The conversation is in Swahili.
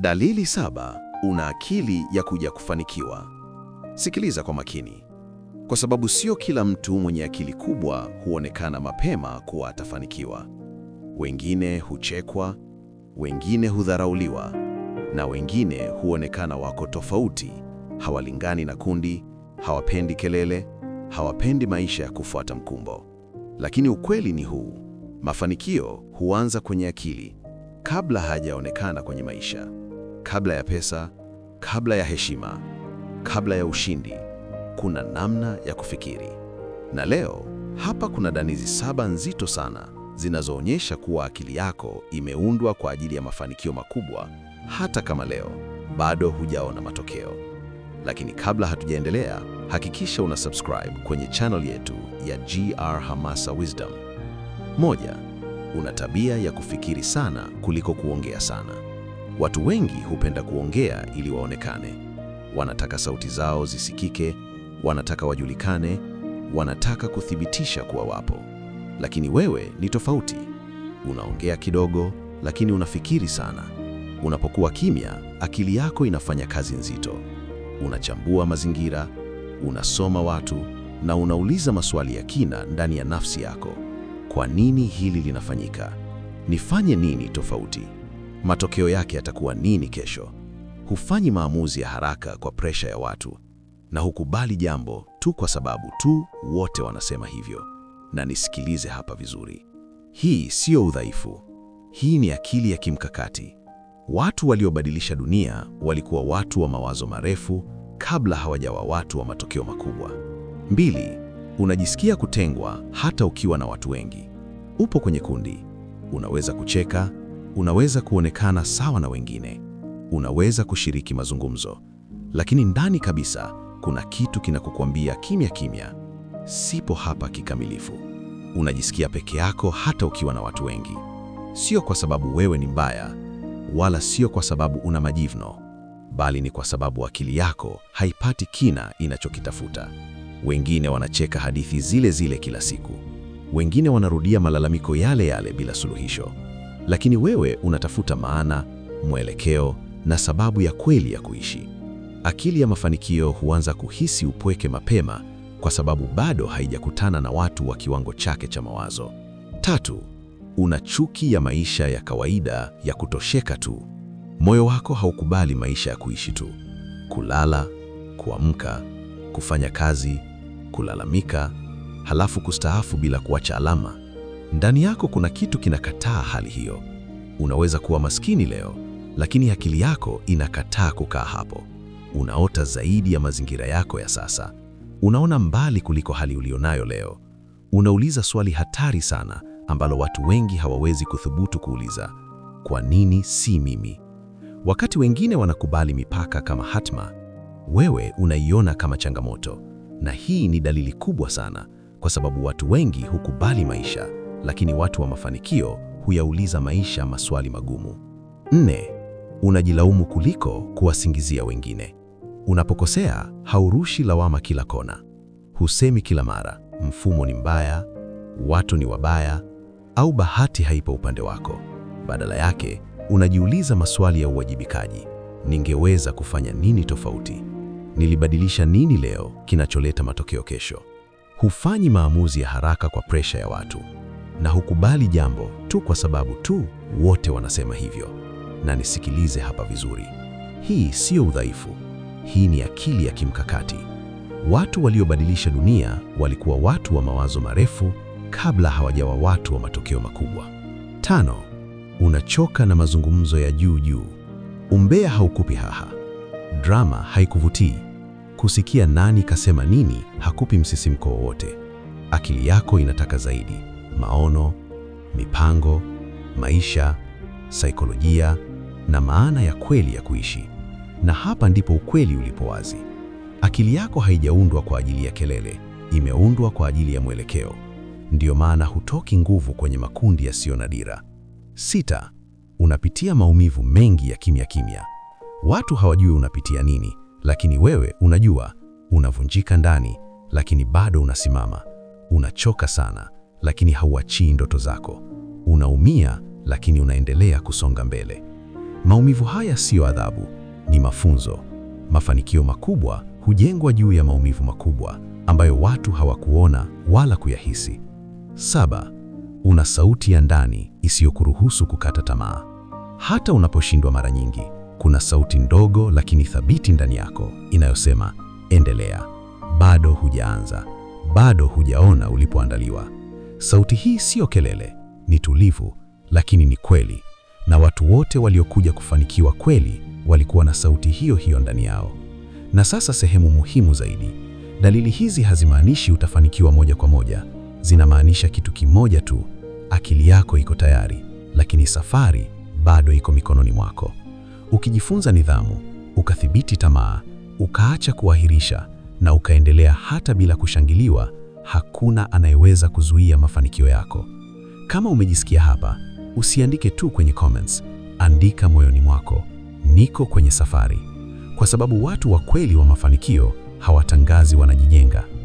Dalili saba, una akili ya kuja kufanikiwa. Sikiliza kwa makini, kwa sababu sio kila mtu mwenye akili kubwa huonekana mapema kuwa atafanikiwa. Wengine huchekwa, wengine hudharauliwa, na wengine huonekana wako tofauti, hawalingani na kundi, hawapendi kelele, hawapendi maisha ya kufuata mkumbo. Lakini ukweli ni huu, mafanikio huanza kwenye akili kabla hajaonekana kwenye maisha. Kabla ya pesa, kabla ya heshima, kabla ya ushindi, kuna namna ya kufikiri. Na leo hapa kuna danizi saba nzito sana zinazoonyesha kuwa akili yako imeundwa kwa ajili ya mafanikio makubwa, hata kama leo bado hujaona matokeo. Lakini kabla hatujaendelea, hakikisha una subscribe kwenye channel yetu ya GR Hamasa Wisdom. Moja, una tabia ya kufikiri sana kuliko kuongea sana. Watu wengi hupenda kuongea ili waonekane. Wanataka sauti zao zisikike, wanataka wajulikane, wanataka kuthibitisha kuwa wapo. Lakini wewe ni tofauti. Unaongea kidogo, lakini unafikiri sana. Unapokuwa kimya, akili yako inafanya kazi nzito. Unachambua mazingira, unasoma watu na unauliza maswali ya kina ndani ya nafsi yako. Kwa nini hili linafanyika? Nifanye nini tofauti? matokeo yake yatakuwa nini kesho. Hufanyi maamuzi ya haraka kwa presha ya watu, na hukubali jambo tu kwa sababu tu wote wanasema hivyo. Na nisikilize hapa vizuri, hii siyo udhaifu, hii ni akili ya kimkakati. Watu waliobadilisha dunia walikuwa watu wa mawazo marefu kabla hawajawa watu wa matokeo makubwa. Mbili, unajisikia kutengwa hata ukiwa na watu wengi. Upo kwenye kundi, unaweza kucheka, Unaweza kuonekana sawa na wengine, unaweza kushiriki mazungumzo, lakini ndani kabisa kuna kitu kinakukwambia kimya kimya, sipo hapa kikamilifu. Unajisikia peke yako hata ukiwa na watu wengi, sio kwa sababu wewe ni mbaya, wala sio kwa sababu una majivuno, bali ni kwa sababu akili yako haipati kina inachokitafuta. Wengine wanacheka hadithi zile zile kila siku, wengine wanarudia malalamiko yale yale bila suluhisho lakini wewe unatafuta maana, mwelekeo na sababu ya kweli ya kuishi. Akili ya mafanikio huanza kuhisi upweke mapema kwa sababu bado haijakutana na watu wa kiwango chake cha mawazo. Tatu, una chuki ya maisha ya kawaida ya kutosheka tu. Moyo wako haukubali maisha ya kuishi tu, kulala, kuamka, kufanya kazi, kulalamika, halafu kustaafu bila kuacha alama. Ndani yako kuna kitu kinakataa hali hiyo. Unaweza kuwa maskini leo, lakini akili yako inakataa kukaa hapo. Unaota zaidi ya mazingira yako ya sasa. Unaona mbali kuliko hali ulionayo leo. Unauliza swali hatari sana ambalo watu wengi hawawezi kuthubutu kuuliza. Kwa nini si mimi? Wakati wengine wanakubali mipaka kama hatma, wewe unaiona kama changamoto. Na hii ni dalili kubwa sana, kwa sababu watu wengi hukubali maisha lakini watu wa mafanikio huyauliza maisha maswali magumu. Nne, unajilaumu kuliko kuwasingizia wengine. Unapokosea haurushi lawama kila kona, husemi kila mara mfumo ni mbaya, watu ni wabaya, au bahati haipo upande wako. Badala yake unajiuliza maswali ya uwajibikaji: ningeweza kufanya nini tofauti? Nilibadilisha nini leo kinacholeta matokeo kesho? Hufanyi maamuzi ya haraka kwa presha ya watu na hukubali jambo tu kwa sababu tu wote wanasema hivyo. Na nisikilize hapa vizuri, hii sio udhaifu, hii ni akili ya kimkakati. Watu waliobadilisha dunia walikuwa watu wa mawazo marefu kabla hawajawa watu wa matokeo makubwa. Tano, unachoka na mazungumzo ya juu juu. Umbea haukupi haha, drama haikuvutii, kusikia nani kasema nini hakupi msisimko wowote. Akili yako inataka zaidi maono, mipango, maisha, saikolojia na maana ya kweli ya kuishi. Na hapa ndipo ukweli ulipo wazi. Akili yako haijaundwa kwa ajili ya kelele, imeundwa kwa ajili ya mwelekeo. Ndiyo maana hutoki nguvu kwenye makundi yasiyo na dira. Sita, unapitia maumivu mengi ya kimya kimya. Watu hawajui unapitia nini, lakini wewe unajua. Unavunjika ndani, lakini bado unasimama. Unachoka sana, lakini hauachii ndoto zako. Unaumia, lakini unaendelea kusonga mbele. Maumivu haya siyo adhabu, ni mafunzo. Mafanikio makubwa hujengwa juu ya maumivu makubwa ambayo watu hawakuona wala kuyahisi. Saba, una sauti ya ndani isiyokuruhusu kukata tamaa. Hata unaposhindwa mara nyingi, kuna sauti ndogo lakini thabiti ndani yako inayosema endelea, bado hujaanza, bado hujaona ulipoandaliwa. Sauti hii sio kelele, ni tulivu, lakini ni kweli, na watu wote waliokuja kufanikiwa kweli walikuwa na sauti hiyo hiyo ndani yao. Na sasa sehemu muhimu zaidi, dalili hizi hazimaanishi utafanikiwa moja kwa moja, zinamaanisha kitu kimoja tu: akili yako iko tayari, lakini safari bado iko mikononi mwako. Ukijifunza nidhamu, ukathibiti tamaa, ukaacha kuahirisha na ukaendelea hata bila kushangiliwa, hakuna anayeweza kuzuia mafanikio yako. Kama umejisikia hapa, usiandike tu kwenye comments, andika moyoni mwako, niko kwenye safari, kwa sababu watu wa kweli wa mafanikio hawatangazi, wanajijenga.